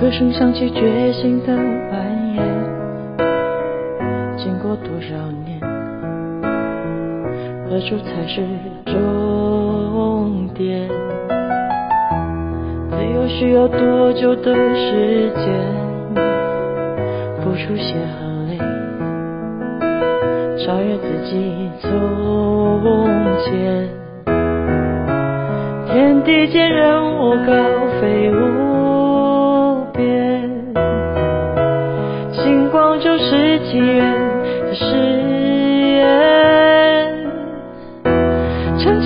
歌聲響起，覺醒的蔓延。經過多少年，何處才是終點？自由需要多久的時間，付出血和淚，超越自己從前。天地間，任我高飛。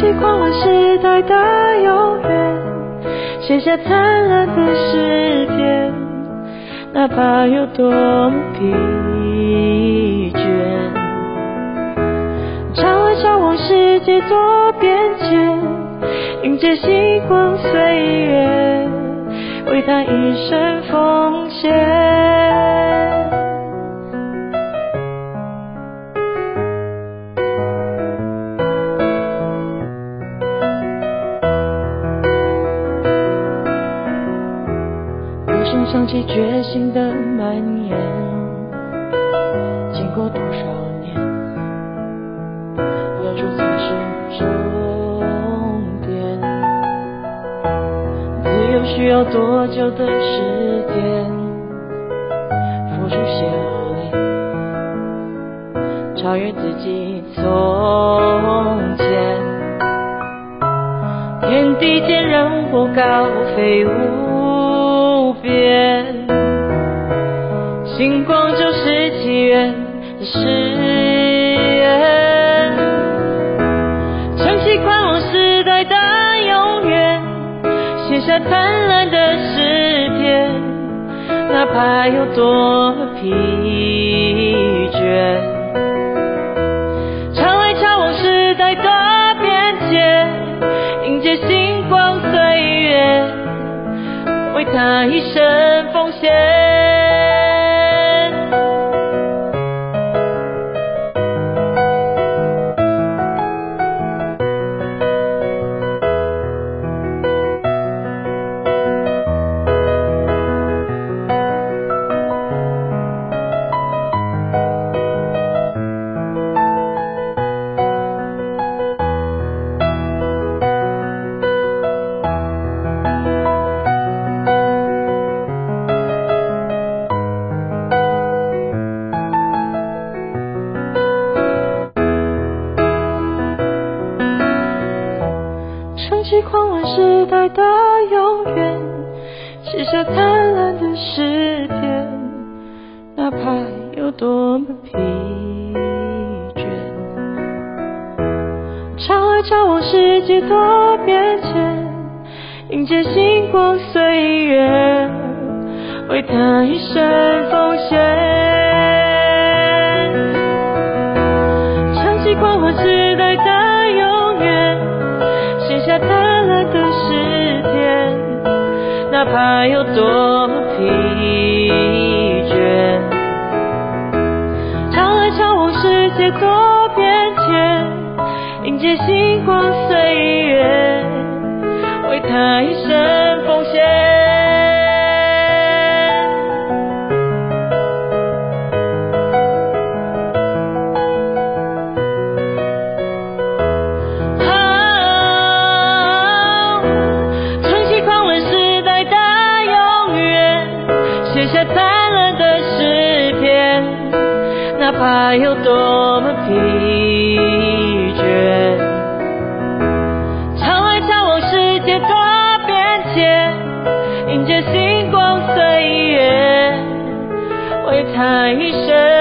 撐起狂亂時代的永遠，寫下燦爛的詩篇，哪怕有多疲倦。潮來潮往世界多變遷，迎接心光歲月，為它一生奉獻。總想起，覺醒的蔓延。經過多少年，何處才是終點？自由需要多久的時間？付出血和淚，超越自己，從前。天地間，任我高飛舞邊，心光就是祈願的誓言。撐起狂亂時代的永遠，寫下燦爛的詩篇，哪怕有多麼疲倦。為它一生奉獻。起狂亂時代的永遠，寫下燦爛的詩篇，哪怕有多麼疲倦。潮來潮往，世界多變遷，迎接心光歲月，為它一生奉獻。解脫變遷，迎接心光歲月，為它一生奉獻。啊，啊！撐、啊、起狂亂時代，代永的永遠，寫下燦爛的詩。哪怕有多麼疲倦，潮來潮往世界多變遷，迎接心光歲月，為它一生。